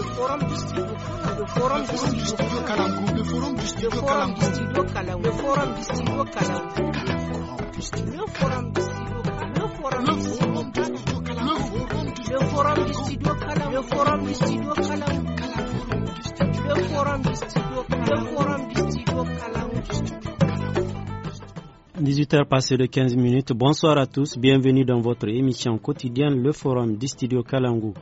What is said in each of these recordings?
the forum district the forum district kalam the forum district kalam the forum district kalam the forum district kalam the forum district kalam the forum district kalam the forum district kalam the forum district kalam the forum district kalam the forum district 18h passé de 15 minutes. Bonsoir à tous. Bienvenue dans votre émission quotidienne Le Forum du Studio Kalangou.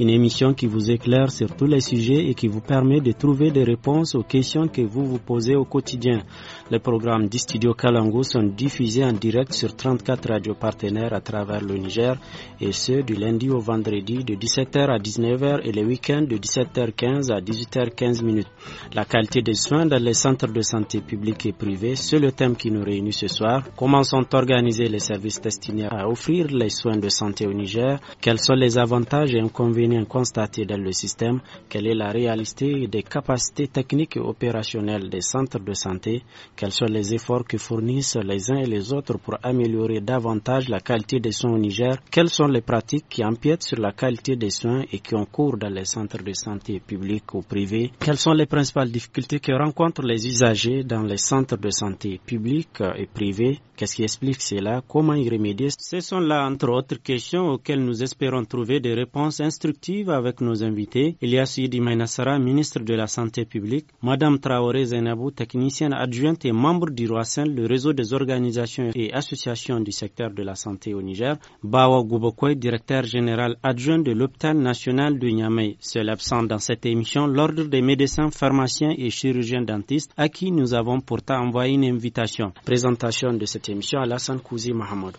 Une émission qui vous éclaire sur tous les sujets et qui vous permet de trouver des réponses aux questions que vous vous posez au quotidien. Les programmes du studio Kalango sont diffusés en direct sur 34 radios partenaires à travers le Niger et ce du lundi au vendredi de 17h à 19h et les week-ends de 17h15 à 18h15 minutes. La qualité des soins dans les centres de santé publics et privés, c'est le thème qui nous réunit ce soir. Comment sont organisés les services destinés à offrir les soins de santé au Niger Quels sont les avantages et inconvénients constatés dans le système Quelle est la réalité des capacités techniques et opérationnelles des centres de santé quels sont les efforts que fournissent les uns et les autres pour améliorer davantage la qualité des soins au Niger Quelles sont les pratiques qui empiètent sur la qualité des soins et qui ont cours dans les centres de santé publics ou privés Quelles sont les principales difficultés que rencontrent les usagers dans les centres de santé publics et privés Qu'est-ce qui explique cela Comment y remédier Ce sont là, entre autres, questions auxquelles nous espérons trouver des réponses instructives avec nos invités. Il y a Sidi ministre de la Santé publique, Madame Traoré Zainabou, technicienne adjointe membre du ROASEN, le réseau des organisations et associations du secteur de la santé au Niger. Bawa Goubokwe, directeur général adjoint de l'hôpital national de Niamey, seul absent dans cette émission, l'ordre des médecins, pharmaciens et chirurgiens dentistes à qui nous avons pourtant envoyé une invitation. Présentation de cette émission à Lassan Kouzi Mahamadou.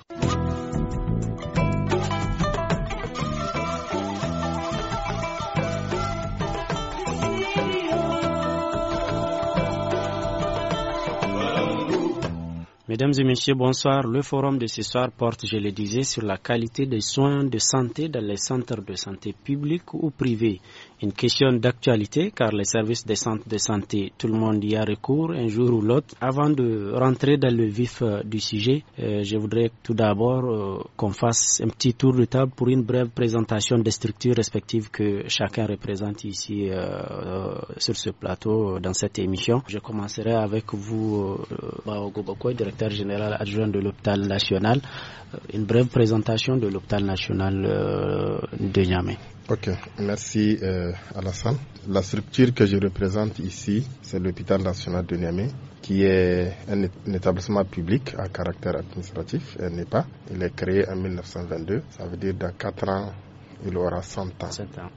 Mesdames et messieurs, bonsoir. Le forum de ce soir porte, je le disais, sur la qualité des soins de santé dans les centres de santé publics ou privés une question d'actualité car les services des centres de santé, tout le monde y a recours un jour ou l'autre. Avant de rentrer dans le vif euh, du sujet, euh, je voudrais tout d'abord euh, qu'on fasse un petit tour de table pour une brève présentation des structures respectives que chacun représente ici sur ce plateau dans cette émission. Je commencerai avec vous, Bao Goboko, directeur général adjoint de l'hôpital national. Une brève présentation de l'hôpital national de Niamey. Ok, merci euh, Alassane. La structure que je représente ici, c'est l'hôpital national de Niamey, qui est un, établissement public à caractère administratif, n'est pas, Il est créé en 1922, ça veut dire dans 4 ans, il aura 100 ans. 100 ans.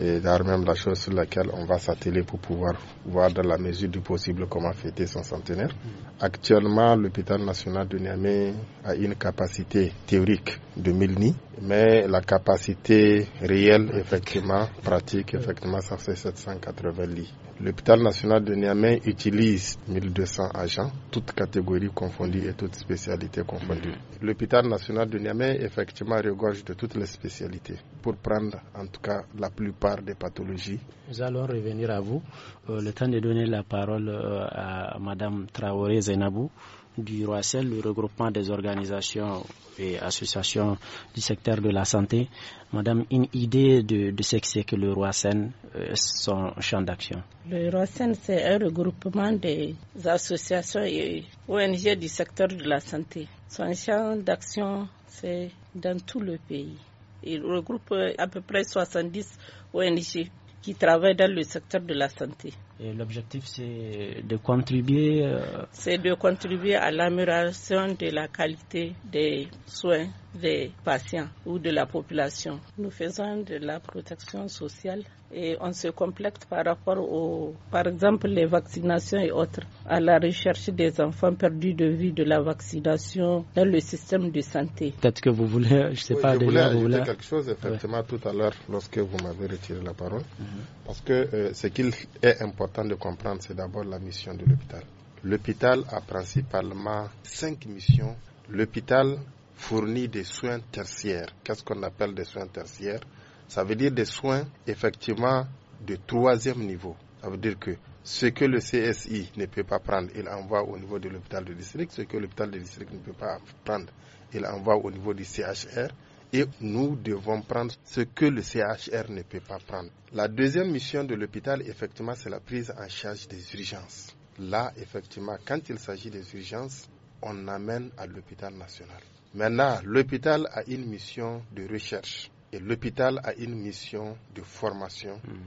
Et d'ailleurs même la chose sur laquelle on va s'atteler pour pouvoir voir dans la mesure du possible comment fêter son centenaire. Mm. Actuellement, l'hôpital national de Niamey a une capacité théorique de 1000 lits, mais la capacité réelle, effectivement, pratique, effectivement, ça fait 780 lits. L'hôpital national de Niamey utilise 1200 agents, toutes catégories confondues et toutes spécialités confondues. L'hôpital national de Niamey effectivement regorge de toutes les spécialités pour prendre en tout cas la plupart des pathologies. Nous allons revenir à vous. Euh, le temps de donner la parole euh, à Mme Traoré Zenabou du Roissel, le regroupement des organisations et associations du secteur de la santé, Madame, une idée de, ce que c'est que le ROASEN, euh, son champ d'action Le ROASEN, c'est un regroupement des associations et ONG du secteur de la santé. Son champ d'action, c'est dans tout le pays. Il regroupe à peu près 70 ONG qui travaillent dans le secteur de la santé. Et l'objectif, c'est de contribuer. Euh, c'est de contribuer à l'amélioration de la qualité des soins des patients ou de la population. Nous faisons de la protection sociale et on se complète par rapport aux, par exemple, les vaccinations et autres, à la recherche des enfants perdus de vue de la vaccination dans le système de santé. Peut-être que vous voulez, je sais pas, je voulais ajouter quelque chose effectivement tout à l'heure lorsque vous m'avez retiré la parole, mhm. parce que euh, ce qu'il est important important de comprendre, c'est d'abord la mission de l'hôpital. L'hôpital a principalement cinq missions. L'hôpital fournit des soins tertiaires. Qu'est-ce qu'on appelle des soins tertiaires Ça veut dire des soins effectivement de troisième niveau. Ça veut dire que ce que le CSI ne peut pas prendre, il envoie au niveau de l'hôpital de district. Ce que l'hôpital de district ne peut pas prendre, il envoie au niveau du CHR et nous devons prendre ce que le CHR ne peut pas prendre. La deuxième mission de l'hôpital, effectivement, c'est la prise en charge des urgences. Là, effectivement, quand il s'agit des urgences, on amène à l'hôpital national. Maintenant, l'hôpital a une mission de recherche et l'hôpital a une mission de formation mhm.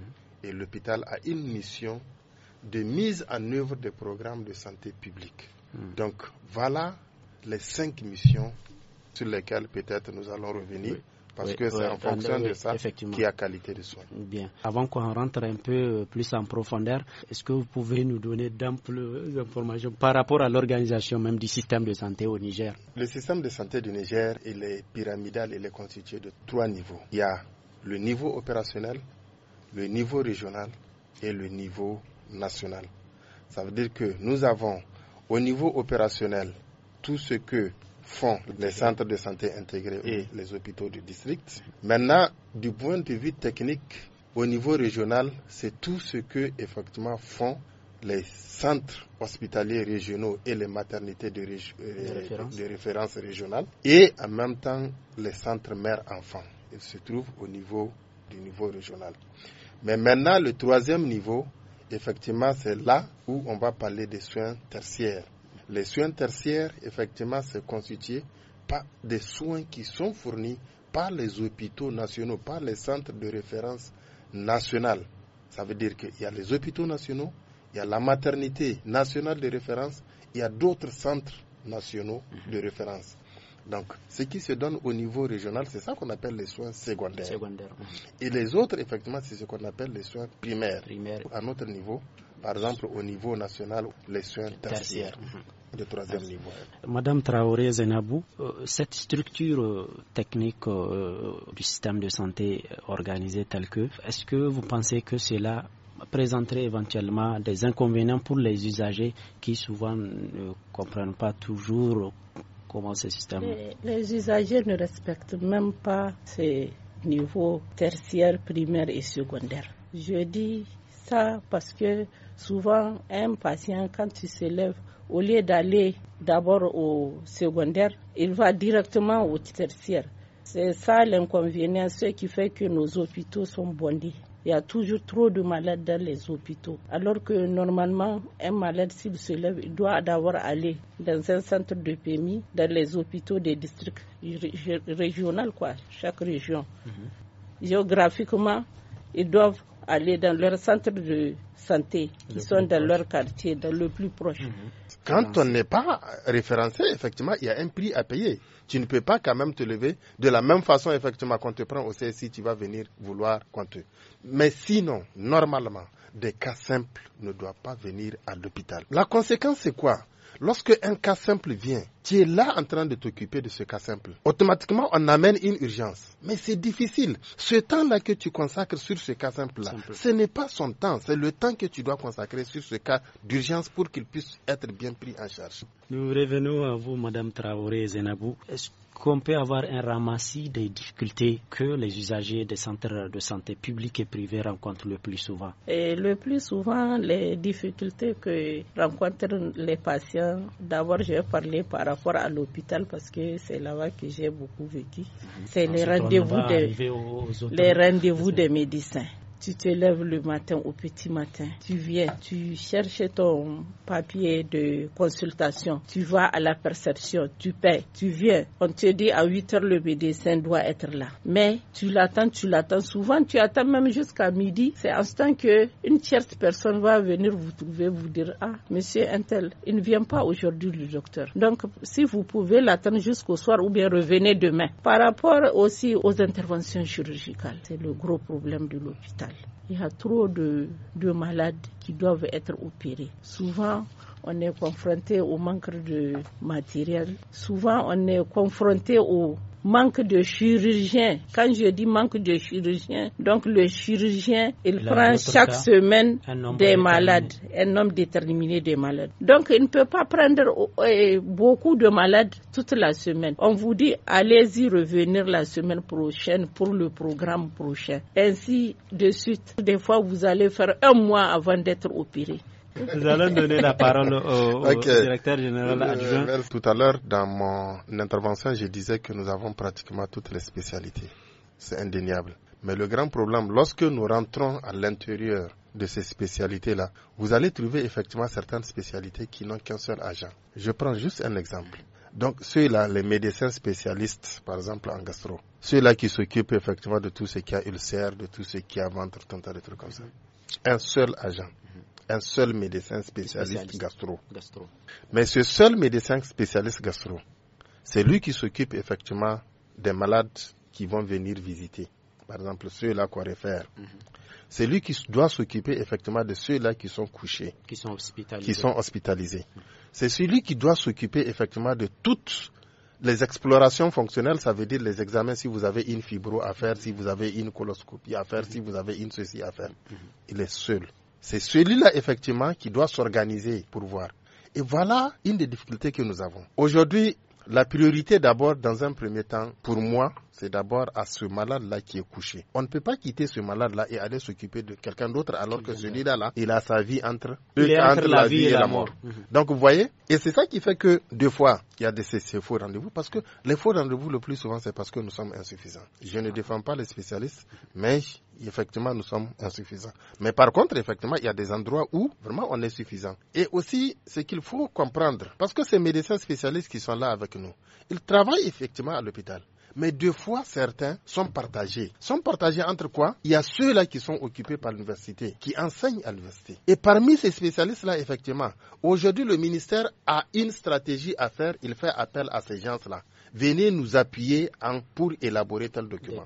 et l'hôpital a une mission de mise en œuvre des programmes de santé publique. Mhm. Donc, voilà les cinq missions sur lesquels peut-être nous allons revenir. Parce que c'est en fonction de ça y a qualité de soins. Bien. Avant qu'on rentre un peu euh, plus en profondeur, est-ce que vous pouvez nous donner d'amples informations par rapport à l'organisation même du système de santé au Niger Le système de santé du Niger, il est pyramidal, il est constitué de trois niveaux. Il y a le niveau opérationnel, le niveau régional et le niveau national. Ça veut dire que nous avons au niveau opérationnel tout ce que font les centres de santé intégrés et les hôpitaux du district. Maintenant, du point de vue technique, au niveau régional, c'est tout ce que effectivement font les centres hospitaliers régionaux et les maternités euh, de, référence. régionale et en même temps les centres mères-enfants, Ils se trouvent au niveau du niveau régional. Mais maintenant, le troisième niveau, effectivement, c'est là où on va parler des soins tertiaires les soins tertiaires, effectivement, se constituent par des soins qui sont fournis par les hôpitaux nationaux, par les centres de référence nationaux. Ça veut dire qu'il y a les hôpitaux nationaux, il y a la maternité nationale de référence, il y a d'autres centres nationaux mhm. de référence. Donc, ce qui se donne au niveau régional, c'est ça qu'on appelle les soins secondaires. Mhm. Et les autres, effectivement, c'est ce qu'on appelle les soins primaires. À notre niveau, par exemple, au niveau national, les soins tertiaires. Mhm de troisième niveau. Madame Traoré Zenabou, euh, cette structure euh, technique euh, du système de santé organisé tel que, est-ce que vous pensez que cela présenterait éventuellement des inconvénients pour les usagers qui souvent ne comprennent pas toujours comment ce système. Les, les usagers ne respectent même pas ces niveaux tertiaires, primaires et secondaires. Je dis ça parce que souvent un patient, quand il se lève, au lieu d'aller d'abord au secondaire, il va directement au tertiaire. C'est ça l'inconvénient, ce qui fait que nos hôpitaux sont bondés. Il y a toujours trop de malades dans les hôpitaux. Alors que normalement, un malade, s'il se lève, il doit d'abord aller dans un centre de PMI, dans les hôpitaux des districts régionaux, quoi, chaque région. Mhm. Géographiquement, ils doivent aller dans leur centre de santé, qui sont dans leur quartier, dans le plus proche. Mhm. Quand on n'est pas référencé, effectivement, il y a un prix à payer. Tu ne peux pas quand même te lever de la même façon, effectivement, qu'on te prend au CSI, tu vas venir vouloir qu'on te. Mais sinon, normalement, des cas simples ne doivent pas venir à l'hôpital. La conséquence, c'est quoi Lorsque un cas simple vient, tu es là en train de t'occuper de ce cas simple. Automatiquement, on amène une urgence. Mais c'est difficile. Ce temps-là que tu consacres sur ce cas simple-là, ce n'est pas son temps, c'est le temps que tu dois consacrer sur ce cas d'urgence pour qu'il puisse être bien pris en charge. Nous revenons à vous, Madame Traoré Zenabou qu'on peut avoir un ramassis des difficultés que les usagers des centres de santé publics et privés rencontrent le plus souvent et Le plus souvent, les difficultés que rencontrent les patients, d'abord je vais parler par rapport à l'hôpital parce que c'est là-bas que j'ai beaucoup vécu. Mhm. C'est les rendez-vous des, les rendez-vous des médecins tu te lèves le matin au petit matin, tu viens, tu cherches ton papier de consultation, tu vas à la perception, tu paies, tu viens. On te dit à 8 heures le médecin doit être là. Mais tu l'attends, tu l'attends souvent, tu attends même jusqu'à midi. C'est en ce temps que une tierce personne va venir vous trouver, vous dire ah monsieur Intel, il ne vient pas aujourd'hui le docteur. Donc si vous pouvez l'attendre jusqu'au soir ou bien revenez demain. Par rapport aussi aux interventions chirurgicales, c'est le gros problème de l'hôpital. Il y a trop de, malades qui doivent être opérés. Souvent, on est confronté au manque de matériel. Souvent, on est confronté au manque de chirurgien. Quand je dis manque de chirurgien, donc le chirurgien, il prend chaque semaine des malades, un nombre déterminé des malades. Donc il ne peut pas prendre euh, euh, beaucoup de malades toute la semaine. On vous dit, allez-y revenir la semaine prochaine pour le programme prochain. Ainsi de suite. Des fois, vous allez faire un mois avant d'être opéré. Nous allons donner la parole au, directeur général euh, adjoint. Tout à l'heure, dans mon intervention, je disais que nous avons pratiquement toutes les spécialités. C'est indéniable. Mais le grand problème, lorsque nous rentrons à l'intérieur de ces spécialités-là, vous allez trouver effectivement certaines spécialités qui n'ont qu'un seul agent. Je prends juste un exemple. Donc ceux-là, les médecins spécialistes, par exemple en gastro, ceux-là qui s'occupent effectivement de tout ce qui a ulcère, de tout ce qui a ventre, tout un tas de trucs comme ça. Un seul agent un seul médecin spécialiste, Gastro. Mais ce seul médecin spécialiste gastro, c'est lui qui s'occupe effectivement des malades qui vont venir visiter. Par exemple, ceux-là qu'on réfère. Mhm. C'est lui qui doit s'occuper effectivement de ceux-là qui sont couchés, qui sont hospitalisés. Qui sont hospitalisés. Mhm. C'est celui qui doit s'occuper effectivement de toutes les explorations fonctionnelles, ça veut dire les examens si vous avez une fibro à faire, si vous avez une coloscopie à faire, si mhm. vous avez une ceci à faire. Il est seul. C'est celui-là, effectivement, qui doit s'organiser pour voir. Et voilà une des difficultés que nous avons. Aujourd'hui, la priorité d'abord, dans un premier temps, pour moi, c'est d'abord à ce malade-là qui est couché. On ne peut pas quitter ce malade-là et aller s'occuper de quelqu'un d'autre alors que celui-là, il a sa vie entre, entre, la, vie et la mort. Mhm. Donc vous voyez, et c'est ça qui fait que deux fois, il y a des, ces, ces faux rendez-vous parce que les faux rendez-vous, le plus souvent, c'est parce que nous sommes insuffisants. Je ne défends pas les spécialistes, mais effectivement, nous sommes insuffisants. Mais par contre, effectivement, il y a des endroits où vraiment on est suffisant. Et aussi, ce qu'il faut comprendre, parce que ces médecins spécialistes qui sont là avec nous, ils travaillent effectivement à l'hôpital mais deux fois certains sont partagés. Sont partagés entre quoi Il y a ceux-là qui sont occupés par l'université, qui enseignent à l'université. Et parmi ces spécialistes-là, effectivement, aujourd'hui le ministère a une stratégie à faire, il fait appel à ces gens-là venez nous appuyer pour élaborer tel document.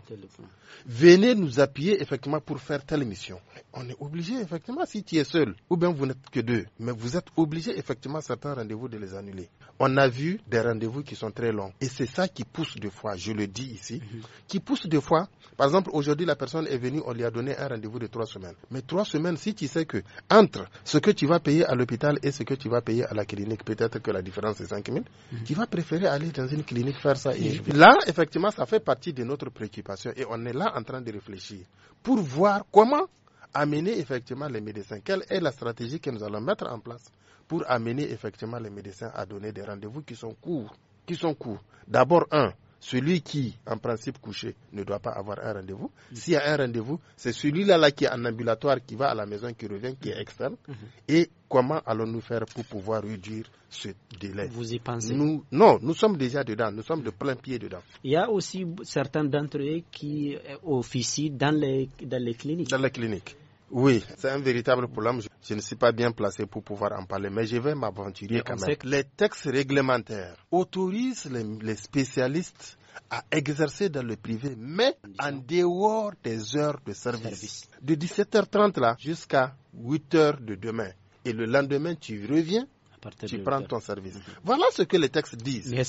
Venez nous appuyer effectivement pour faire telle mission. On est obligé effectivement si tu es seul ou bien vous n'êtes que deux, mais vous êtes obligé effectivement certains rendez-vous de les annuler. On a vu des rendez-vous qui sont très longs et c'est ça qui pousse des fois, je le dis ici, mhm. qui pousse des fois. Par exemple, aujourd'hui la personne est venue, on lui a donné un rendez-vous de trois semaines. Mais trois semaines, si tu sais que entre ce que tu vas payer à l'hôpital et ce que tu vas payer à la clinique, peut-être que la différence est cinq 000, mhm. tu vas préférer aller dans une clinique faire ça. là, effectivement, ça fait partie de notre préoccupation et on est là en train de réfléchir pour voir comment amener effectivement les médecins. Quelle est la stratégie que nous allons mettre en place pour amener effectivement les médecins à donner des rendez-vous qui sont courts, qui sont courts. D'abord, un, celui qui, en principe couché, ne doit pas avoir un rendez-vous. S'il y a un rendez-vous, c'est celui-là là, qui est en ambulatoire, qui va à la maison, qui revient, qui est externe. Mhm. Et comment allons-nous faire pour pouvoir réduire ce délai Vous y pensez nous, Non, nous sommes déjà dedans, nous sommes de plein pied dedans. Il y a aussi certains d'entre eux qui officient dans les, dans les cliniques. Dans les cliniques. Oui, c'est un véritable problème. Je ne suis pas bien placé pour pouvoir en parler, mais je vais m'aventurer quand même. Les textes réglementaires autorisent les, spécialistes à exercer dans le privé, mais en dehors des heures de service. De 17h30 là jusqu'à 8h de demain. Et le lendemain, tu reviens, tu prends ton service. Voilà ce que les textes disent. Mais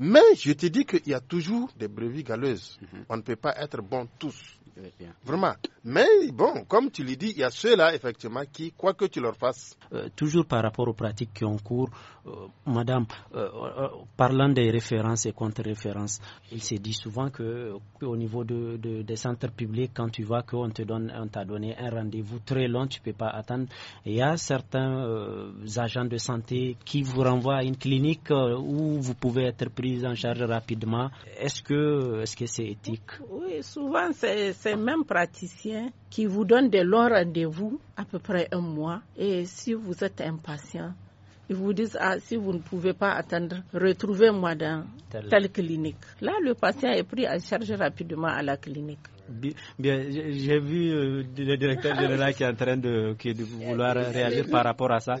Mais je te dis qu'il y a toujours des brebis galeuses. Mhm. On ne peut pas être bon tous. Vraiment. Mais bon, comme tu l'as dit il y a ceux-là, effectivement, qui, quoi que tu leur fasses. Euh, toujours par rapport aux pratiques qui ont cours, euh, madame, euh, parlant des références et contre-références, il s'est dit souvent que au niveau de, des centres publics, quand tu vois qu'on te donne, on t'a donné un rendez-vous très long, tu ne peux pas attendre. Il y a certains agents de santé qui vous renvoient à une clinique où vous pouvez être prise en charge rapidement. Est-ce que c'est -ce c'est éthique Oui, souvent, c'est même praticien praticiens qui vous donne des longs rendez-vous, à peu près un mois. Et si vous êtes impatient, ils vous disent ah, si vous ne pouvez pas attendre, retrouvez-moi dans telle. clinique. Là, le patient est pris en charge rapidement à la clinique. Bien, j'ai vu euh, le directeur général qui est en train de, vouloir euh, réagir par rapport à ça.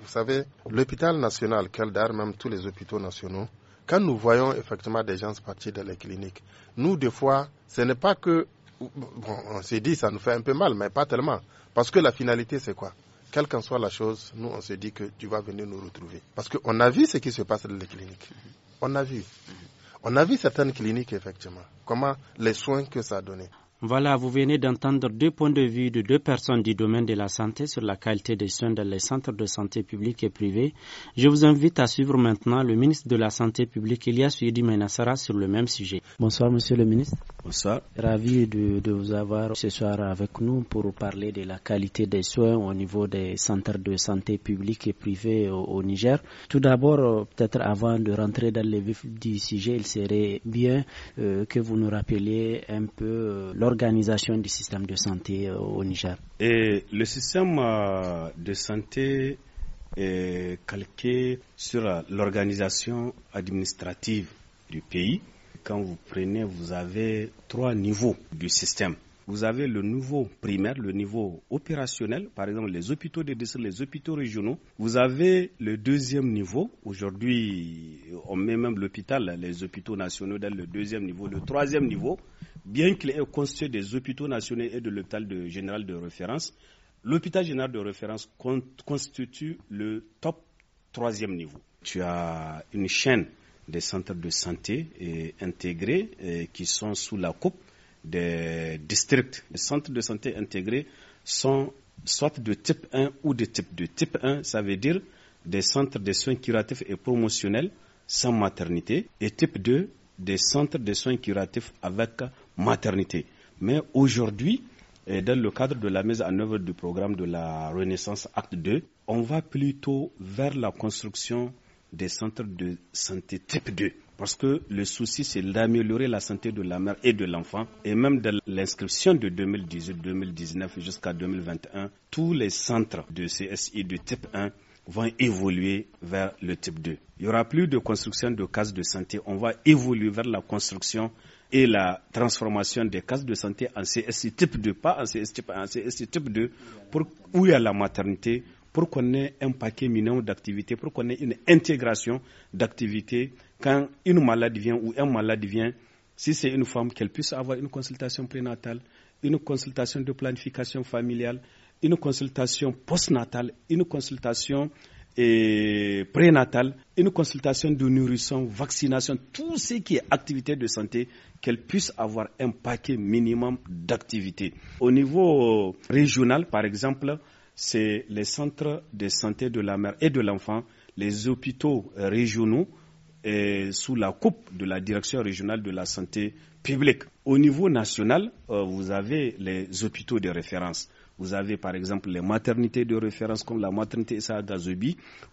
Vous savez, l'hôpital national, Keldar, même tous les hôpitaux nationaux, quand nous voyons effectivement des gens partir de la clinique, nous, des fois, ce n'est pas que on s'est dit ça nous fait un peu mal, mais pas tellement. Parce que la finalité, c'est quoi Quelle qu'en soit la chose, nous, on s'est dit que tu vas venir nous retrouver. Parce qu'on a vu ce qui se passe dans les cliniques. On a vu. On a vu certaines cliniques, effectivement, comment les soins que ça a donné. Voilà, vous venez d'entendre deux points de vue de deux personnes du domaine de la santé sur la qualité des soins dans les centres de santé publics et privés. Je vous invite à suivre maintenant le ministre de la Santé publique, Elias Yedi Menassara, sur le même sujet. Bonsoir, monsieur le ministre. Bonsoir. Ravi de, vous avoir ce soir avec nous pour parler de la qualité des soins au niveau des centres de santé publics et privés au, Niger. Tout d'abord, euh, peut-être avant de rentrer dans le vif du sujet, il serait bien euh, que vous nous rappeliez un peu euh, l'organisation du système de santé euh, au Niger Et Le système euh, de santé est calqué sur euh, l'organisation administrative du pays. Quand vous prenez, vous avez trois niveaux du système. Vous avez le niveau primaire, le niveau opérationnel, par exemple les hôpitaux de les hôpitaux régionaux. Vous avez le deuxième niveau. Aujourd'hui, on met même l'hôpital, les hôpitaux nationaux dans le deuxième niveau. Le troisième niveau, bien qu'il est constitué des hôpitaux nationaux et de l'hôpital général de référence, l'hôpital général de référence constitue le top troisième niveau. Tu as une chaîne des centres de santé euh, intégrés euh, qui sont sous la coupe des districts, des centres de santé intégrés sont soit de type 1 ou de type 2. Type 1, ça veut dire des centres de soins curatifs et promotionnels sans maternité, et type 2, des centres de soins curatifs avec maternité. Mais aujourd'hui, dans le cadre de la mise en œuvre du programme de la Renaissance Acte 2, on va plutôt vers la construction des centres de santé type 2. Parce que le souci, c'est d'améliorer la santé de la mère et de l'enfant. Et même dans l'inscription de 2018, 2019 jusqu'à 2021, tous les centres de CSI de type 1 vont évoluer vers le type 2. Il n'y aura plus de construction de cases de santé. On va évoluer vers la construction et la transformation des cases de santé en CSI type 2, pas en CSI type 1, en CSI type 2, pour, où y a la maternité, pour qu'on ait un paquet minimum d'activités, pour qu'on ait une intégration d'activités quand une malade vient ou un malade vient, si c'est une femme, qu'elle puisse avoir une consultation prénatale, une consultation de planification familiale, une consultation postnatale, une consultation prénatale, une consultation de nourrisson, vaccination, tout ce qui est activité de santé, qu'elle puisse avoir un paquet minimum d'activités. Au niveau régional, par exemple, c'est les centres de santé de la mère et de l'enfant, les hôpitaux régionaux, euh, sous la coupe de la Direction régionale de la santé publique. Au niveau national, euh, vous avez les hôpitaux de référence. Vous avez par exemple les maternités de référence comme la maternité Issa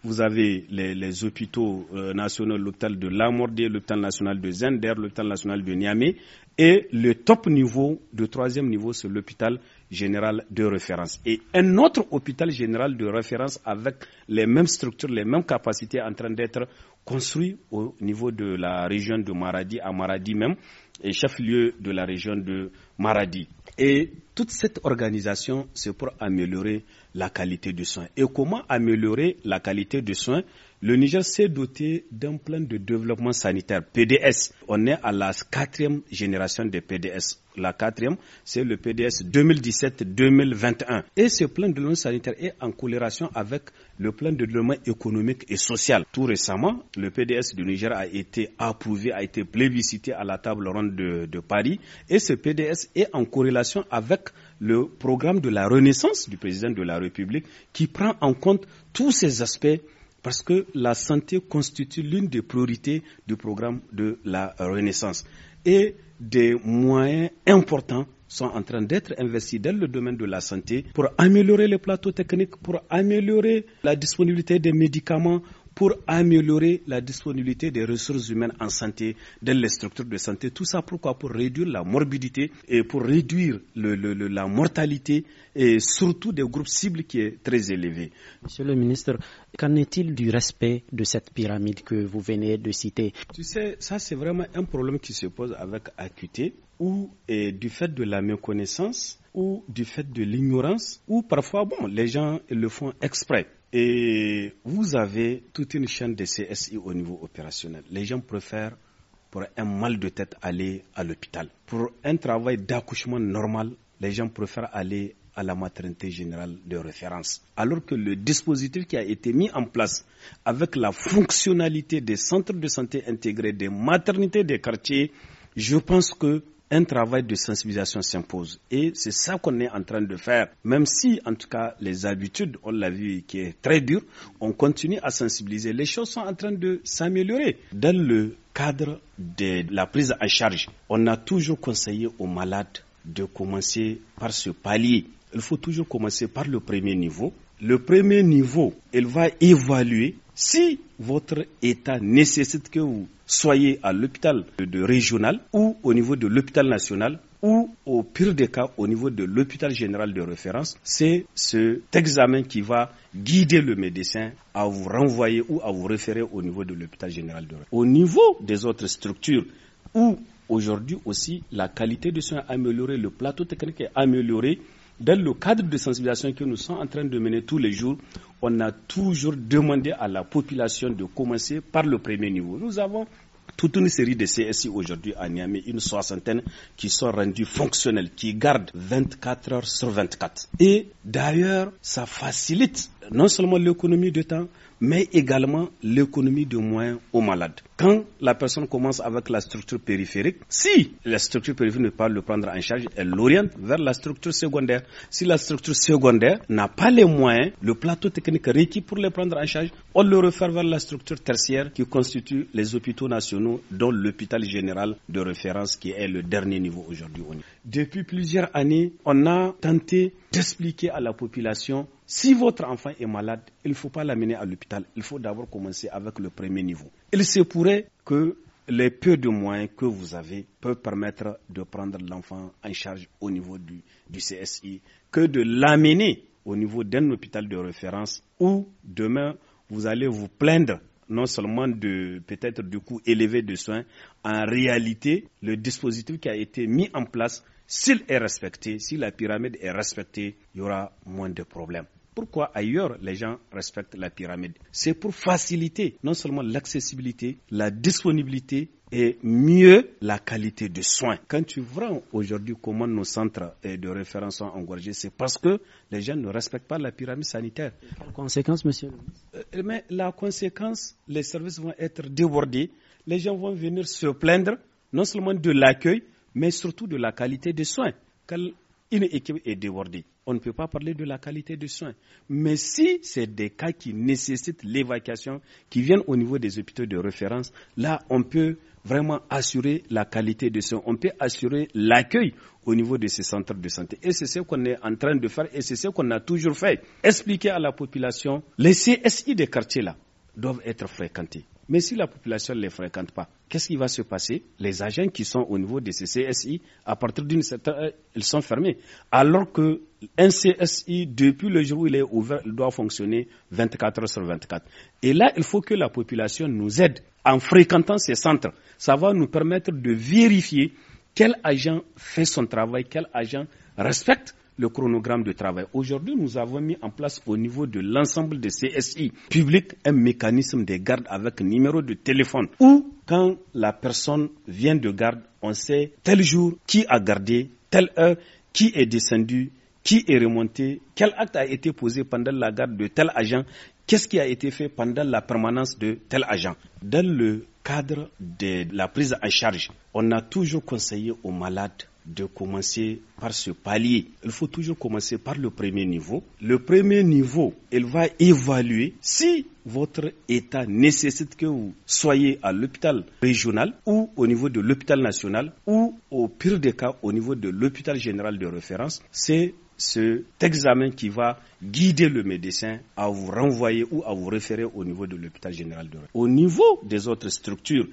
Vous avez les, hôpitaux euh, nationaux, l'hôpital de Lamordé, l'hôpital national de Zender, l'hôpital national de Niamey. Et le top niveau, le troisième niveau, c'est l'hôpital général de référence et un autre hôpital général de référence avec les mêmes structures, les mêmes capacités en train d'être construit au niveau de la région de Maradi, à Maradi même, et chef-lieu de la région de Maradi. Et toute cette organisation, c'est pour améliorer la qualité de soins. Et comment améliorer la qualité de soins le Niger s'est doté d'un plan de développement sanitaire, PDS. On est à la quatrième génération de PDS. La quatrième, c'est le PDS 2017-2021. Et ce plan de développement sanitaire est en corrélation avec le plan de développement économique et social. Tout récemment, le PDS du Niger a été approuvé, a été plébiscité à la table ronde de, de Paris. Et ce PDS est en corrélation avec le programme de la renaissance du président de la République qui prend en compte tous ces aspects parce que la santé constitue l'une des priorités du programme de la Renaissance. Et des moyens importants sont en train d'être investis dans le domaine de la santé pour améliorer les plateaux techniques, pour améliorer la disponibilité des médicaments, pour améliorer la disponibilité des ressources humaines en santé, dans les structures de santé. Tout ça pourquoi Pour réduire la morbidité et pour réduire la mortalité et surtout des groupes cibles qui est très élevé. Monsieur le ministre, Qu'en est-il du respect de cette pyramide que vous venez de citer Tu sais, ça c'est vraiment un problème qui se pose avec acuité ou du fait de la méconnaissance ou du fait de l'ignorance ou parfois bon les gens le font exprès et vous avez toute une chaîne de CSI au niveau opérationnel les gens préfèrent pour un mal de tête aller à l'hôpital pour un travail d'accouchement normal les gens préfèrent aller à la maternité générale de référence. Alors que le dispositif qui a été mis en place avec la fonctionnalité des centres de santé intégrés, des maternités des quartiers, je pense que un travail de sensibilisation s'impose. Et c'est ça qu'on est en train de faire. Même si, en tout cas, les habitudes, on l'a vu, qui est très dure, on continue à sensibiliser. Les choses sont en train de s'améliorer. Dans le cadre de la prise en charge, on a toujours conseillé aux malades de commencer par ce palier il faut toujours commencer par le premier niveau. Le premier niveau, il va évaluer si votre état nécessite que vous soyez à l'hôpital de régional ou au niveau de l'hôpital national ou au pire des cas au niveau de l'hôpital général de référence, c'est cet examen qui va guider le médecin à vous renvoyer ou à vous référer au niveau de l'hôpital général de référence. Au niveau des autres structures où aujourd'hui aussi la qualité de soins est améliorée, le plateau technique est amélioré, dans le cadre de sensibilisation que nous sommes en train de mener tous les jours, on a toujours demandé à la population de commencer par le premier niveau. Nous avons toute une série de CSI aujourd'hui à Niamey, une soixantaine qui sont rendus fonctionnels, qui gardent 24 heures sur 24. Et d'ailleurs, ça facilite non seulement l'économie de temps, mais également l'économie de moyens aux malades. Quand la personne commence avec la structure périphérique, si la structure périphérique ne peut pas le prendre en charge, elle l'oriente vers la structure secondaire. Si la structure secondaire n'a pas les moyens, le plateau technique requis pour le prendre en charge, on le refère vers la structure tertiaire qui constitue les hôpitaux nationaux, dont l'hôpital général de référence qui est le dernier niveau aujourd'hui. Depuis plusieurs années, on a tenté d'expliquer à la population si votre enfant est malade, il ne faut pas l'amener à l'hôpital. Il faut d'abord commencer avec le premier niveau. Il se pourrait que les peu de moyens que vous avez peuvent permettre de prendre l'enfant en charge au niveau du, CSI que de l'amener au niveau d'un hôpital de référence où demain vous allez vous plaindre non seulement de peut-être du coût élevé de soins, en réalité le dispositif qui a été mis en place, s'il est respecté, si la pyramide est respectée, il y aura moins de problèmes. Pourquoi ailleurs les gens respectent la pyramide C'est pour faciliter non seulement l'accessibilité, la disponibilité et mieux la qualité de soins. Quand tu vois aujourd'hui comment nos centres de référence sont engorgés, c'est parce que les gens ne respectent pas la pyramide sanitaire. conséquence, monsieur le euh, Mais la conséquence, les services vont être débordés, les gens vont venir se plaindre, non seulement de l'accueil, mais surtout de la qualité des soins. une équipe est débordée, on ne peut pas parler de la qualité des soins. Mais si c'est des cas qui nécessitent l'évacuation, qui viennent au niveau des hôpitaux de référence, là, on peut vraiment assurer la qualité de soins. On peut assurer l'accueil au niveau de ces centres de santé. Et c'est ce qu'on est en train de faire et c'est ce qu'on a toujours fait. Expliquer à la population, les CSI des quartiers-là doivent être fréquentés. Mais si la population ne les fréquente pas, qu'est-ce qui va se passer Les agents qui sont au niveau des CCSI, à partir d'une certaine heure, ils sont fermés. Alors que un CSI, depuis le jour où il est ouvert, doit fonctionner 24 heures sur 24. Et là, il faut que la population nous aide en fréquentant ces centres. Ça va nous permettre de vérifier quel agent fait son travail, quel agent respecte le chronogramme de travail. Aujourd'hui, nous avons mis en place au niveau de l'ensemble des CSI publics un mécanisme de garde avec numéro de téléphone où quand la personne vient de garde, on sait tel jour qui a gardé, telle heure qui est descendu, qui est remonté, quel acte a été posé pendant la garde de tel agent, qu'est-ce qui a été fait pendant la permanence de tel agent. Dans le cadre de la prise en charge, on a toujours conseillé aux malades de commencer par ce palier. Il faut toujours commencer par le premier niveau. Le premier niveau, il va évaluer si votre état nécessite que vous soyez à l'hôpital régional ou au niveau de l'hôpital national ou au pire des cas au niveau de l'hôpital général de référence. C'est cet examen qui va guider le médecin à vous renvoyer ou à vous référer au niveau de l'hôpital général de référence. Au niveau des autres structures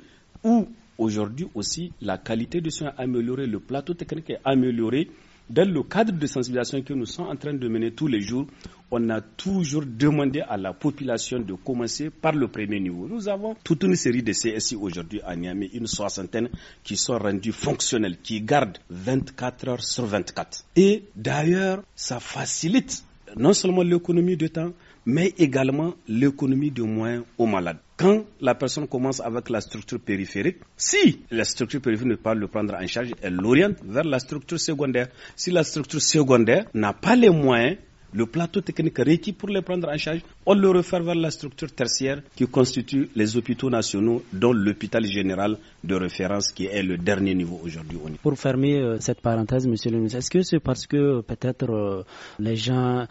où Aujourd'hui aussi, la qualité de soins est améliorée, le plateau technique est amélioré. Dans le cadre de sensibilisation que nous sommes en train de mener tous les jours, on a toujours demandé à la population de commencer par le premier niveau. Nous avons toute une série de CSI aujourd'hui à Niamey, une soixantaine qui sont rendus fonctionnels, qui gardent 24 heures sur 24. Et d'ailleurs, ça facilite non seulement l'économie de temps, mais également l'économie de moyens aux malades quand la personne commence avec la structure périphérique, si la structure périphérique ne peut pas le prendre en charge, elle l'oriente vers la structure secondaire. Si la structure secondaire n'a pas les moyens le plateau technique requis pour les prendre en charge, on le referme vers la structure tertiaire qui constitue les hôpitaux nationaux, dont l'hôpital général de référence qui est le dernier niveau aujourd'hui. Pour fermer euh, cette parenthèse, monsieur le ministre, est-ce que c'est parce que euh, peut-être euh, les gens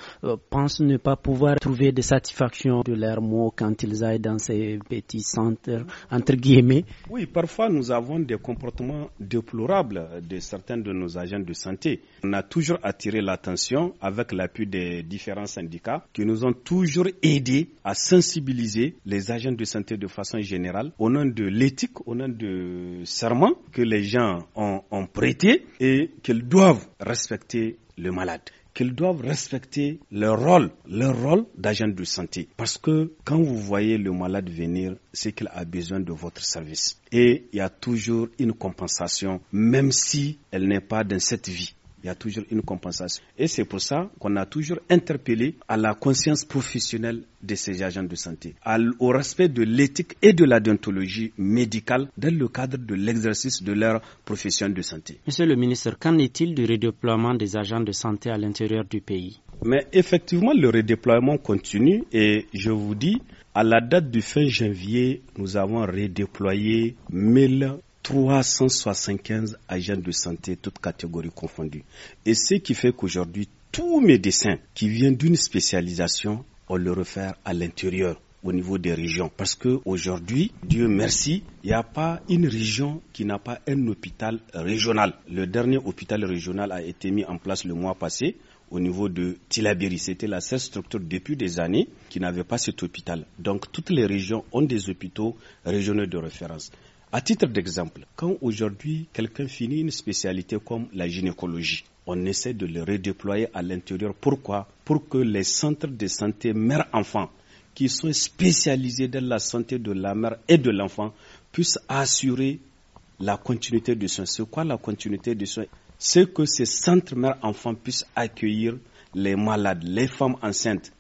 pensent ne pas pouvoir trouver de satisfaction de leurs mots quand ils aillent dans ces petits centres, entre guillemets Oui, parfois nous avons des comportements déplorables de certains de nos agents de santé. On a toujours attiré l'attention avec l'appui des différents syndicats qui nous ont toujours aidés à sensibiliser les agents de santé de façon générale au nom de l'éthique, au nom de serment que les gens ont, ont prêté et qu'ils doivent respecter le malade qu'ils doivent respecter leur rôle, leur rôle d'agent de santé. Parce que quand vous voyez le malade venir, c'est qu'il a besoin de votre service. Et il y a toujours une compensation, même si elle n'est pas dans cette vie il y a toujours une compensation. Et c'est pour ça qu'on a toujours interpellé à la conscience professionnelle de ces agents de santé, au respect de l'éthique et de la déontologie médicale dans le cadre de l'exercice de leur profession de santé. Monsieur le ministre, qu'en est-il du redéploiement des agents de santé à l'intérieur du pays Mais effectivement, le redéploiement continue et je vous dis, à la date du fin janvier, nous avons redéployé 1000 375 agents de santé, toutes catégories confondues. Et ce qui fait qu'aujourd'hui, tous médecins qui viennent d'une spécialisation, on le refère à l'intérieur au niveau des régions. Parce aujourd'hui, Dieu merci, il n'y a pas une région qui n'a pas un hôpital régional. Le dernier hôpital régional a été mis en place le mois passé au niveau de Tilabiri. C'était la seule structure depuis des années qui n'avait pas cet hôpital. Donc toutes les régions ont des hôpitaux régionaux de référence. À titre d'exemple, quand aujourd'hui quelqu'un finit une spécialité comme la gynécologie, on essaie de le redéployer à l'intérieur. Pourquoi Pour que les centres de santé mère-enfant, qui sont spécialisés dans la santé de la mère et de l'enfant, puissent assurer la continuité de soins. C'est quoi la continuité de soins C'est que ces centres mère-enfant puissent accueillir les malades, les femmes enceintes,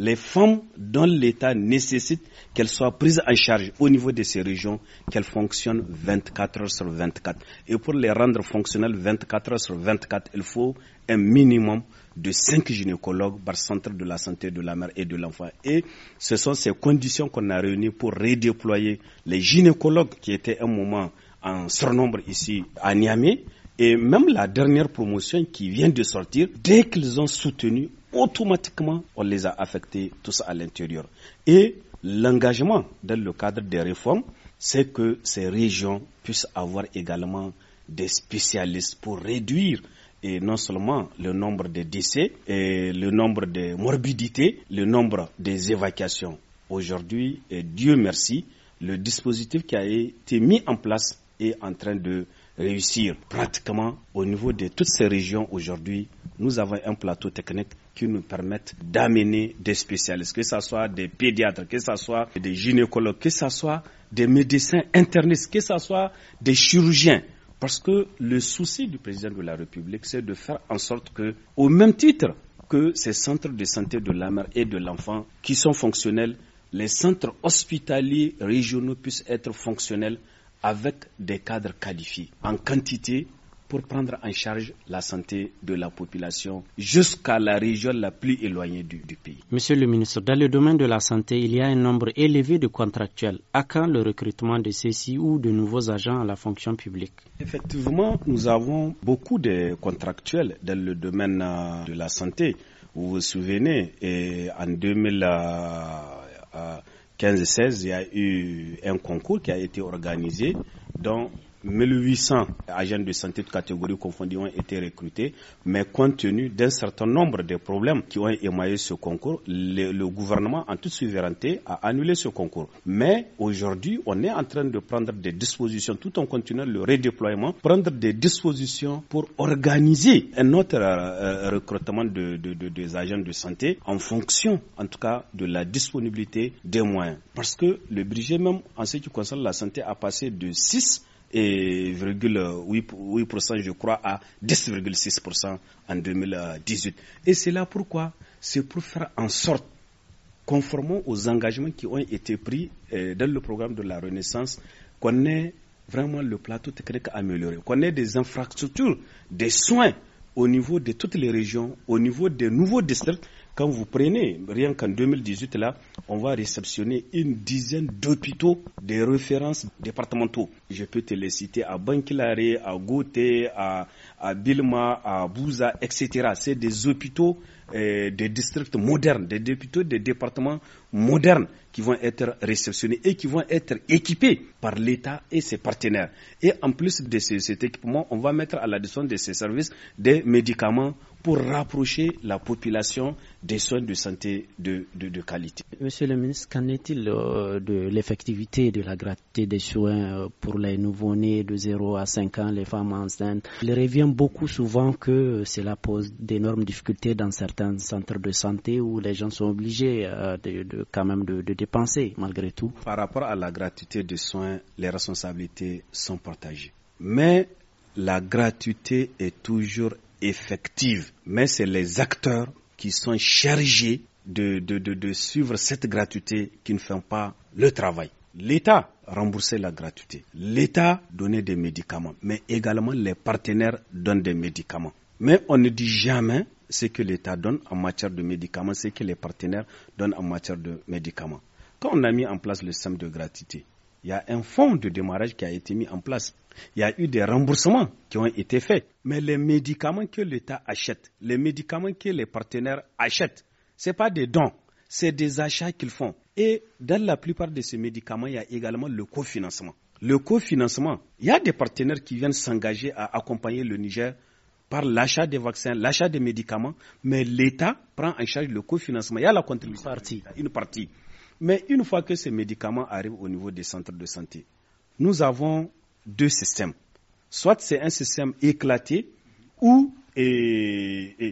les femmes dans l'État nécessite qu'elles soient prises en charge au niveau de ces régions, qu'elles fonctionnent 24 heures sur 24. Et pour les rendre fonctionnelles 24 heures sur 24, il faut un minimum de 5 gynécologues par centre de la santé de la mère et de l'enfant. Et ce sont ces conditions qu'on a réunies pour redéployer les gynécologues qui étaient un moment en surnombre ici à Niamey. Et même la dernière promotion qui vient de sortir, dès qu'ils ont soutenu automatiquement, on les a affectés tous à l'intérieur. Et l'engagement dans le cadre des réformes, c'est que ces régions puissent avoir également des spécialistes pour réduire et non seulement le nombre de décès, et le nombre de morbidités, le nombre des évacuations. Aujourd'hui, et Dieu merci, le dispositif qui a été mis en place est en train de réussir pratiquement au niveau de toutes ces régions aujourd'hui. Nous avons un plateau technique qui nous permettent d'amener des spécialistes, que ce soit des pédiatres, que ce soit des gynécologues, que ce soit des médecins internistes, que ce soit des chirurgiens. Parce que le souci du président de la République, c'est de faire en sorte que, au même titre que ces centres de santé de la mère et de l'enfant qui sont fonctionnels, les centres hospitaliers régionaux puissent être fonctionnels avec des cadres qualifiés en quantité pour prendre en charge la santé de la population jusqu'à la région la plus éloignée du, pays. Monsieur le ministre, dans le domaine de la santé, il y a un nombre élevé de contractuels. À quand le recrutement de ceux-ci ou de nouveaux agents à la fonction publique Effectivement, nous avons beaucoup de contractuels dans le domaine euh, de la santé. Vous vous souvenez, et en 2015 16 euh, euh, il y a eu un concours qui a été organisé dont 1800 agents de santé de catégorie confondue ont été recrutés, mais compte tenu d'un certain nombre de problèmes qui ont émaillé ce concours, le, gouvernement, en toute souveraineté, a annulé ce concours. Mais aujourd'hui, on est en train de prendre des dispositions, tout en continuant le redéploiement, prendre des dispositions pour organiser un autre euh, euh, recrutement des agents de santé en fonction, en tout cas, de la disponibilité des moyens. Parce que le budget même, en ce qui concerne la santé, a passé de 6 et 8%, je crois, à 10,6% en 2018. Et c'est là pourquoi c'est pour faire en sorte, conformément aux engagements qui ont été pris eh, dans le programme de la Renaissance, qu'on ait vraiment le plateau technique amélioré, qu'on ait des infrastructures, des soins au niveau de toutes les régions, au niveau des nouveaux districts quand vous prenez, rien qu'en 2018, là, on va réceptionner une dizaine d'hôpitaux de références départementaux. Je peux te les citer à Bankilare, à Gauté, à, à, Bilma, à Bouza, etc. C'est des hôpitaux euh, des districts modernes, des hôpitaux des départements modernes qui vont être réceptionnés et qui vont être équipés par l'État et ses partenaires. Et en plus de cet équipement, on va mettre à la disposition de ces services des médicaments pour rapprocher la population des soins de santé de, qualité. Monsieur le ministre, qu'en est-il euh, de l'effectivité de la gratuité des soins euh, pour les nouveau-nés de 0 à 5 ans, les femmes enceintes Il revient beaucoup souvent que cela pose d'énormes difficultés dans certains centres de santé où les gens sont obligés euh, de, quand même de, de dépenser malgré tout. Par rapport à la gratuité des soins, les responsabilités sont partagées. Mais la gratuité est toujours effective, mais c'est les acteurs qui sont chargés de, de, de, de suivre cette gratuité qui ne font pas le travail. L'État remboursait la gratuité. L'État donnait des médicaments, mais également les partenaires donnent des médicaments. Mais on ne dit jamais ce que l'État donne en matière de médicaments, ce que les partenaires donnent en matière de médicaments. Quand on a mis en place le système de gratuité, il y a un fonds de démarrage qui a été mis en place. Il y a eu des remboursements qui ont été faits. Mais les médicaments que l'État achète, les médicaments que les partenaires achètent, ce n'est pas des dons, c'est des achats qu'ils font. Et dans la plupart de ces médicaments, il y a également le cofinancement. Le cofinancement, il y a des partenaires qui viennent s'engager à accompagner le Niger par l'achat des vaccins, l'achat des médicaments, mais l'État prend en charge le cofinancement. Il y a la contribution. Une Une partie. Mais une fois que ces médicaments arrivent au niveau des centres de santé, nous avons deux systèmes. Soit c'est un système éclaté où le,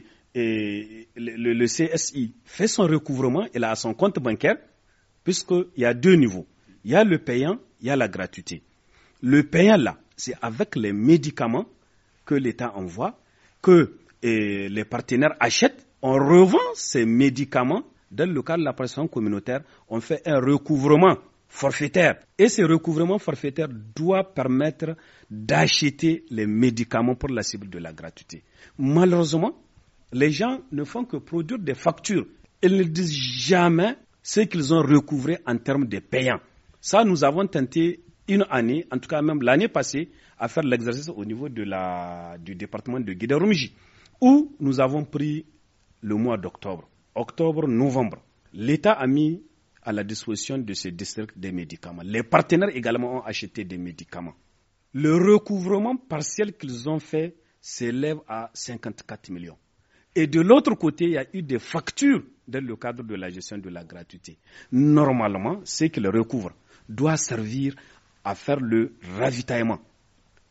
CSI fait son recouvrement, il a son compte bancaire, puisqu'il y a deux niveaux. Il y a le payant, il y a la gratuité. Le payant, là, c'est avec les médicaments que l'État envoie, que les partenaires achètent, on revend ces médicaments dans le cas de la pression communautaire, on fait un recouvrement forfaitaire. Et ce recouvrement forfaitaire doit permettre d'acheter les médicaments pour la cible de la gratuité. Malheureusement, les gens ne font que produire des factures. Ils ne disent jamais ce qu'ils ont recouvré en termes de payants. Ça, nous avons tenté une année, en tout cas même l'année passée, à faire l'exercice au niveau de la, du département de Giderumji, où nous avons pris le mois d'octobre octobre, novembre, l'État a mis à la disposition de ces districts des médicaments. Les partenaires également ont acheté des médicaments. Le recouvrement partiel qu'ils ont fait s'élève à 54 millions. Et de l'autre côté, il y a eu des factures dans le cadre de la gestion de la gratuité. Normalement, ce qu'ils recouvrent doit servir à faire le ravitaillement.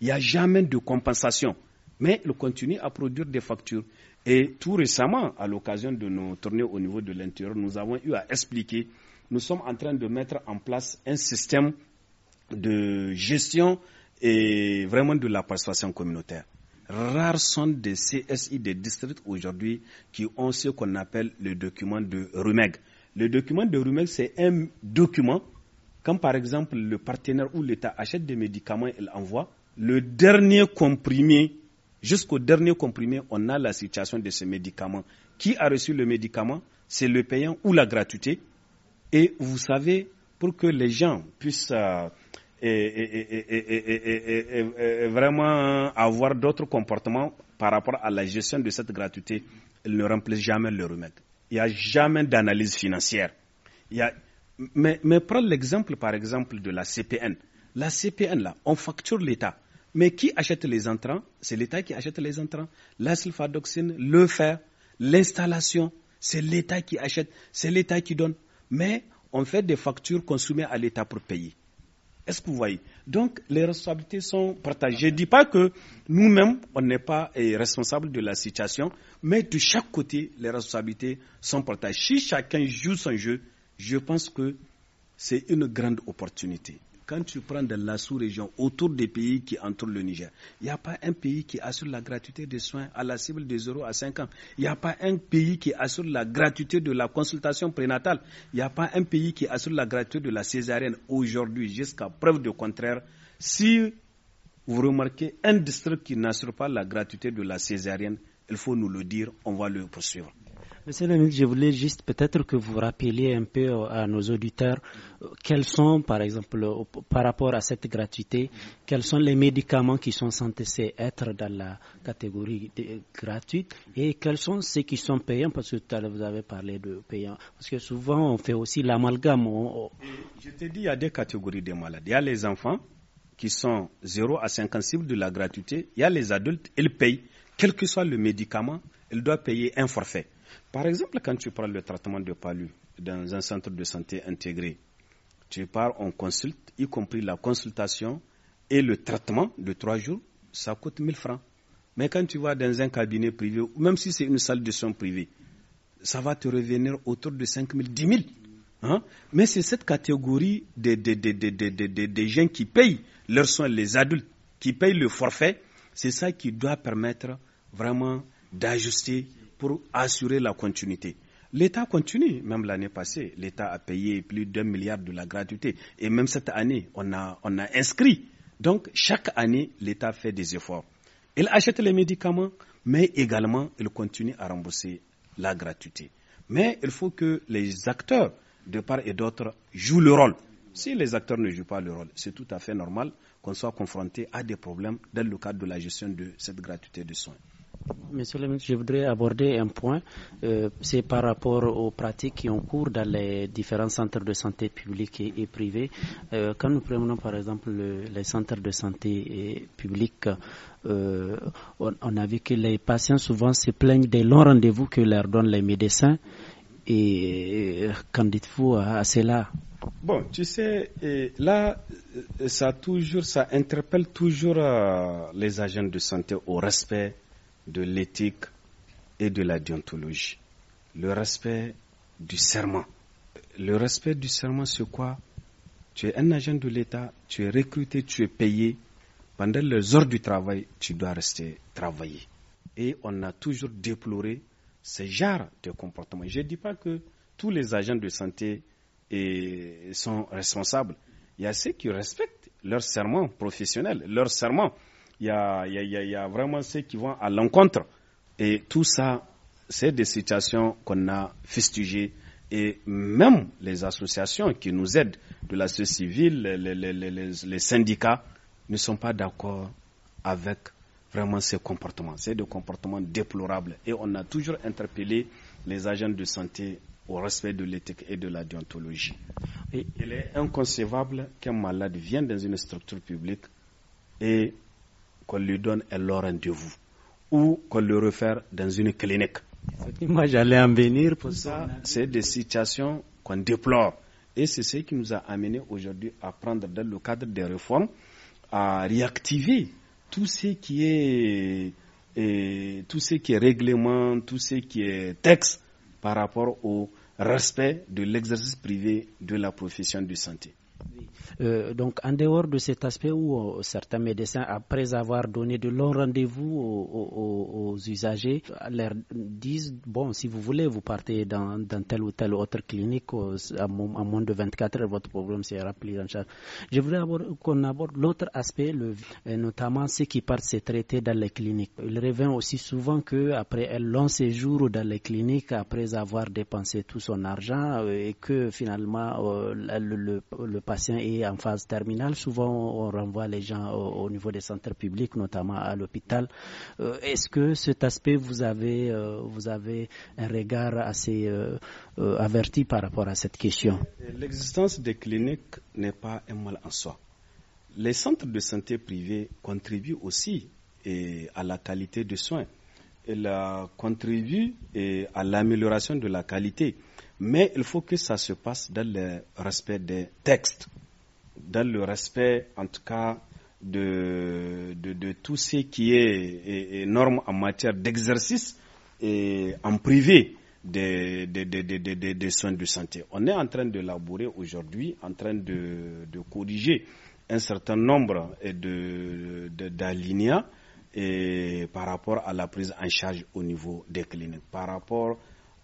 Il n'y a jamais de compensation mais il continue à produire des factures. Et tout récemment, à l'occasion de nos tournées au niveau de l'intérieur, nous avons eu à expliquer, nous sommes en train de mettre en place un système de gestion et vraiment de la participation communautaire. Rares sont des CSI des districts aujourd'hui qui ont ce qu'on appelle le document de RUMEG. Le document de RUMEG, c'est un document quand par exemple le partenaire ou l'État achète des médicaments, et envoie le dernier comprimé Jusqu'au dernier comprimé, on a la situation de ce médicament. Qui a reçu le médicament C'est le payant ou la gratuité. Et vous savez, pour que les gens puissent vraiment avoir d'autres comportements par rapport à la gestion de cette gratuité, ils ne remplissent jamais le remède. Il n'y a jamais d'analyse financière. Il mais, mais prends l'exemple, par exemple, de la CPN. La CPN, là, on facture l'État. Mais qui achète les entrants C'est l'État qui achète les entrants. La sulfadoxine, le fer, l'installation, c'est l'État qui achète, c'est l'État qui donne. Mais on fait des factures consommées à l'État pour payer. Est-ce que vous voyez Donc, les responsabilités sont partagées. Je ne dis pas que nous-mêmes, on n'est pas eh, responsables responsable de la situation, mais de chaque côté, les responsabilités sont partagées. Si chacun joue son jeu, je pense que c'est une grande opportunité. Quand tu prends de la sous-région autour des pays qui entourent le Niger, il n'y a pas un pays qui assure la gratuité des soins à la cible des euros à 5 ans. Il n'y a pas un pays qui assure la gratuité de la consultation prénatale. Il n'y a pas un pays qui assure la gratuité de la césarienne aujourd'hui jusqu'à preuve de contraire. Si vous remarquez un district qui n'assure pas la gratuité de la césarienne, il faut nous le dire, on va le poursuivre. Monsieur le ministre, je voulais juste peut-être que vous rappeliez un peu euh, à nos auditeurs euh, quels sont, par exemple, par rapport à cette gratuité, quels sont les médicaments qui sont censés être dans la catégorie gratuite et quels sont ceux qui sont payants, parce que tout vous avez parlé de payants. Parce que souvent on fait aussi l'amalgame. Je t'ai dit, il y a deux catégories de malades. Il y a les enfants qui sont 0 à 5 ans cibles de la gratuité. Il y a les adultes, ils payent. Quel que soit le médicament, ils doivent payer un forfait. Par exemple, quand tu prends le traitement de palu dans un centre de santé intégré, tu pars, on consulte, y compris la consultation et le traitement de trois jours, ça coûte 1000 francs. Mais quand tu vas dans un cabinet privé, même si c'est une salle de soins privée, ça va te revenir autour de 5 000, 10 000. Mais c'est cette catégorie des gens qui payent leurs soins, les adultes, qui payent le forfait, c'est ça qui doit permettre vraiment d'ajuster pour assurer la continuité. L'État continue, même l'année passée, l'État a payé plus d'un milliard de la gratuité. Et même cette année, on a, inscrit. Donc, chaque année, l'État fait des efforts. Il achète les médicaments, mais également, il continue à rembourser la gratuité. Mais il faut que les acteurs, de part et d'autre, jouent le rôle. Si les acteurs ne jouent pas le rôle, c'est tout à fait normal qu'on soit confronté à des problèmes dans le cadre de la gestion de cette gratuité de soins. Monsieur le ministre, je voudrais aborder un point. Euh, c'est par rapport aux pratiques qui ont cours dans les différents centres de santé publics et, privés. Euh, quand nous prenons par exemple les centres de santé euh, publics, on, a vu que les patients souvent se plaignent des longs rendez-vous que leur donnent les médecins. Et qu'en dites-vous à, à cela Bon, tu sais, là, ça toujours, ça interpelle toujours les agents de santé au respect de l'éthique et de la déontologie. Le respect du serment. Le respect du serment, c'est quoi Tu es un agent de l'État, tu es recruté, tu es payé. Pendant les heures du travail, tu dois rester travailler. Et on a toujours déploré ce genre de comportement. Je ne dis pas que tous les agents de santé sont responsables. Il y a ceux qui respectent leur serment professionnel, leur serment il y a, vraiment ceux qui vont à l'encontre. Et tout ça, c'est des situations qu'on a fustigées. Et même les associations qui nous aident, de la société civile, les, syndicats, ne sont pas d'accord avec vraiment ces comportements. C'est des comportements déplorables. Et on a toujours interpellé les agents de santé au respect de l'éthique et de la déontologie. il est inconcevable qu'un malade vienne dans une structure publique et qu'on lui donne un rendez-vous ou qu'on le refaire dans une clinique. Moi, j'allais en venir pour ça. C'est des situations qu'on déplore. Et c'est ce qui nous a amené aujourd'hui à prendre, dans le cadre des réformes, à réactiver tout ce qui est, et, tout ce qui est règlement, tout ce qui est texte par rapport au respect de l'exercice privé de la profession de santé. Euh, donc, en dehors de cet aspect où euh, certains médecins, après avoir donné de longs rendez-vous aux, usagers, leur disent Bon, si vous voulez, vous partez dans, telle ou telle autre clinique, euh, à, moins de 24 heures, votre problème sera pris en charge. Je voudrais qu'on aborde l'autre aspect, le, notamment ceux qui partent se traiter dans les cliniques. Il revient aussi souvent qu'après un long séjour dans les cliniques, après avoir dépensé tout son argent, et que finalement le, le patient et en phase terminale, souvent on renvoie les gens au, niveau des centres publics, notamment à l'hôpital. Euh, est-ce que cet aspect, vous avez, euh, vous avez un regard assez euh, averti par rapport à cette question L'existence des cliniques n'est pas un mal en soi. Les centres de santé privés contribuent aussi à la qualité de soins. Ils contribuent à l'amélioration de la qualité. Mais il faut que ça se passe dans le respect des textes, dans le respect, en tout cas, de, de, tout ce qui est, norme en matière d'exercice et en privé des, des, des, des, des soins de santé. On est en train de aujourd'hui, en train de, de, corriger un certain nombre d'alinéas de, par rapport à la prise en charge au niveau des cliniques, par rapport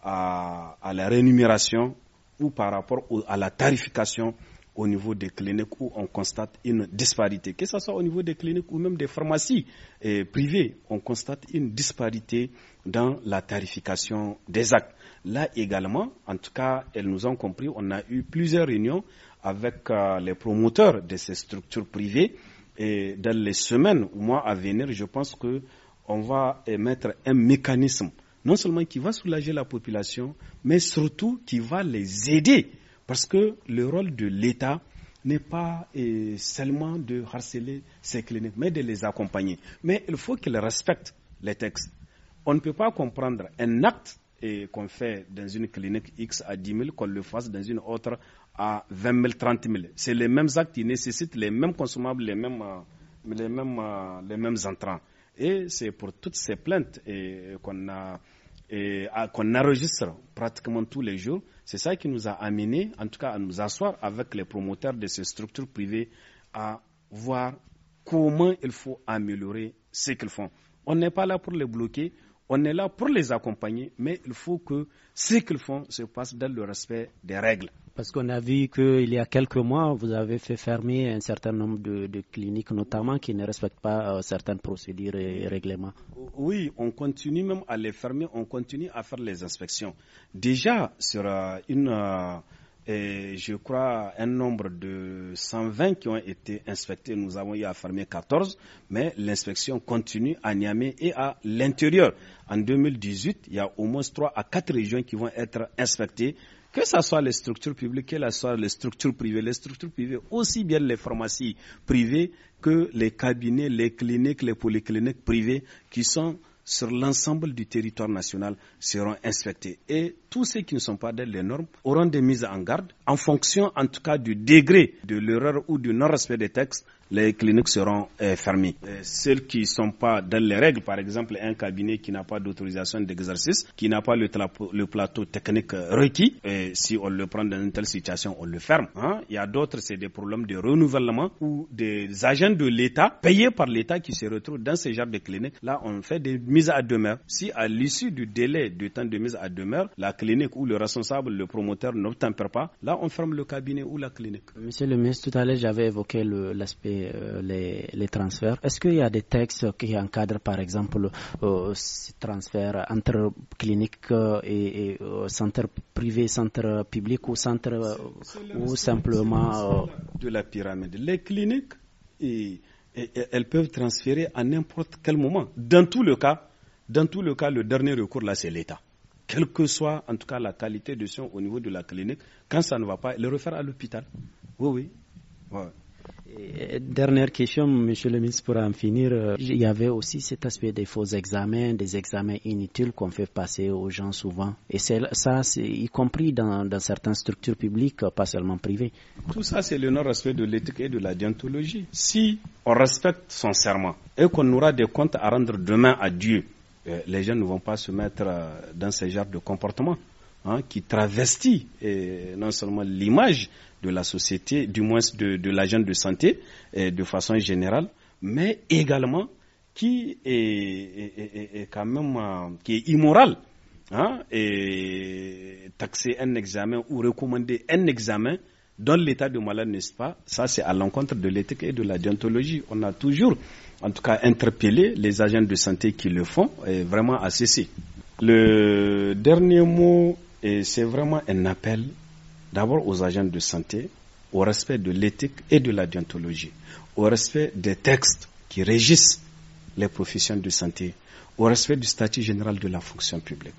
à, à la rémunération ou par rapport à la tarification au niveau des cliniques où on constate une disparité. Que ce soit au niveau des cliniques ou même des pharmacies eh, privées, on constate une disparité dans la tarification des actes. Là également, en tout cas, elles nous ont compris, on a eu plusieurs réunions avec euh, les promoteurs de ces structures privées et dans les semaines ou mois à venir, je pense que on va émettre un mécanisme non seulement qui va soulager la population, mais surtout qui va les aider. Parce que le rôle de l'État n'est pas euh, seulement de harceler ces cliniques, mais de les accompagner. Mais il faut qu'ils respectent les textes. On ne peut pas comprendre un acte euh, qu'on fait dans une clinique X à 10 000 qu'on le fasse dans une autre à 20 000, 30 000. C'est les mêmes actes qui nécessitent les mêmes consommables, les mêmes, euh, les mêmes, les mêmes entrants. Et c'est pour toutes ces plaintes qu'on a ah, qu'on enregistre pratiquement tous les jours, c'est ça qui nous a amené, en tout cas, à nous asseoir avec les promoteurs de ces structures privées à voir comment il faut améliorer ce qu'ils font. On n'est pas là pour les bloquer, on est là pour les accompagner, mais il faut que ce qu'ils font se passe dans le respect des règles. Parce qu'on a vu qu'il y a quelques mois, vous avez fait fermer un certain nombre de, cliniques, notamment qui ne respectent pas euh, certaines procédures et règlements. Oui, on continue même à les fermer, on continue à faire les inspections. Déjà, sur euh, une, euh, je crois, un nombre de 120 qui ont été inspectés, nous avons eu à fermer 14, mais l'inspection continue à Niamey et à l'intérieur. En 2018, il y a au moins 3 à 4 régions qui vont être inspectées que ce soit les structures publiques, que ce soit les structures privées, les structures privées, aussi bien les pharmacies privées que les cabinets, les cliniques, les polycliniques privées qui sont sur l'ensemble du territoire national seront inspectées. Et tous ceux qui ne sont pas dans les normes auront des mises en garde en fonction en tout cas du degré de l'erreur ou du non-respect des textes les cliniques seront euh, fermées. Euh, celles qui ne sont pas dans les règles, par exemple un cabinet qui n'a pas d'autorisation d'exercice, qui n'a pas le, plateau technique euh, requis, si on le prend dans une telle situation, on le ferme. Hein. Il y a d'autres, c'est des problèmes de renouvellement ou des agents de l'État payés par l'État qui se retrouvent dans ce genre de cliniques. Là, on fait des mises à demeure. Si à l'issue du délai de temps de mise à demeure, la clinique ou le responsable, le promoteur n'obtempère pas, là, on ferme le cabinet ou la clinique. Monsieur le ministre, tout à l'heure, j'avais évoqué l'aspect euh, les, transferts. Est-ce qu'il y a des textes qui encadrent, par exemple, euh, ces transferts entre cliniques euh, et, centre privé, centres privés, centres publics ou centres ou simplement de la pyramide Les cliniques, et, elles peuvent transférer à n'importe quel moment. Dans tout le cas, dans tout le cas, le dernier recours là, c'est l'État quelle que soit en tout cas la qualité de soins au niveau de la clinique, quand ça ne va pas, le refaire à l'hôpital. Oui, oui. Ouais. Dernière question, Monsieur le ministre, pour en finir. Euh, il y avait aussi cet aspect des faux examens, des examens inutiles qu'on fait passer aux gens souvent. Et ça, y compris dans, certaines structures publiques, euh, pas seulement privées. Tout ça, c'est le non-respect de l'éthique et de la déontologie. Si on respecte son serment et qu'on aura des comptes à rendre demain à Dieu, euh, les gens ne vont pas se mettre dans ce genre de comportement. Hein, qui travestit non seulement l'image de la société, du moins de, l'agent de santé de façon générale, mais également qui est, quand même euh, qui est immoral. Hein, et taxer un examen ou recommander un examen dans l'état de malade, n'est-ce pas Ça, c'est à l'encontre de l'éthique et de la déontologie. On a toujours, en tout cas, interpellé les agents de santé qui le font, et vraiment à ceci Le dernier mot et c'est vraiment un appel d'abord aux agents de santé, au respect de l'éthique et de la déontologie, au respect des textes qui régissent les professions de santé, au respect du statut général de la fonction publique.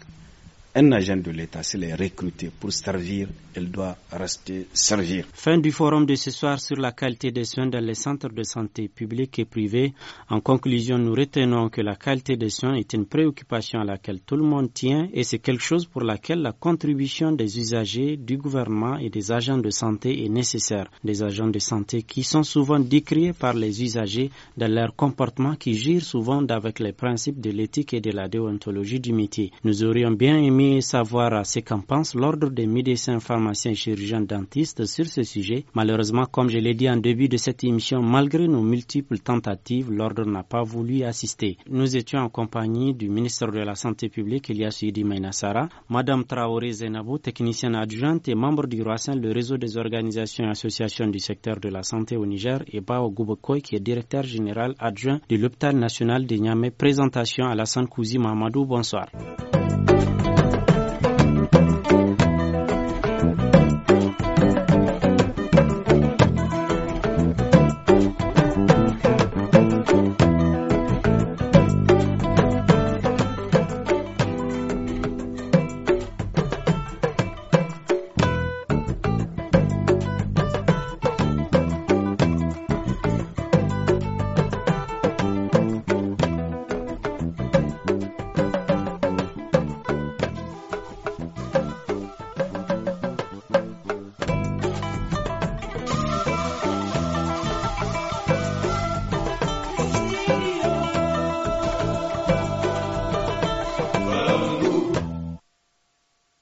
Un agent de l'État, s'il est recruté pour servir, il doit rester servir. Fin du forum de ce soir sur la qualité des soins dans les centres de santé publics et privés. En conclusion, nous retenons que la qualité des soins est une préoccupation à laquelle tout le monde tient et c'est quelque chose pour laquelle la contribution des usagers, du gouvernement et des agents de santé est nécessaire. Des agents de santé qui sont souvent décriés par les usagers dans leur comportement qui gire souvent avec les principes de l'éthique et de la déontologie du métier. Nous aurions bien aimé savoir savoir ce qu'en pense l'Ordre des médecins, pharmaciens chirurgiens dentistes sur ce sujet. Malheureusement, comme je l'ai dit en début de cette émission, malgré nos multiples tentatives, l'Ordre n'a pas voulu assister. Nous étions en compagnie du ministre de la Santé publique, Elias Yidi Mainassara, Madame Traoré Zenabou, technicienne adjointe et membre du Saint, le réseau des organisations et associations du secteur de la santé au Niger, et Bao Goubekoy, qui est directeur général adjoint de l'hôpital national de Niamey. Présentation à la la Sankouzi Mahamadou. Bonsoir.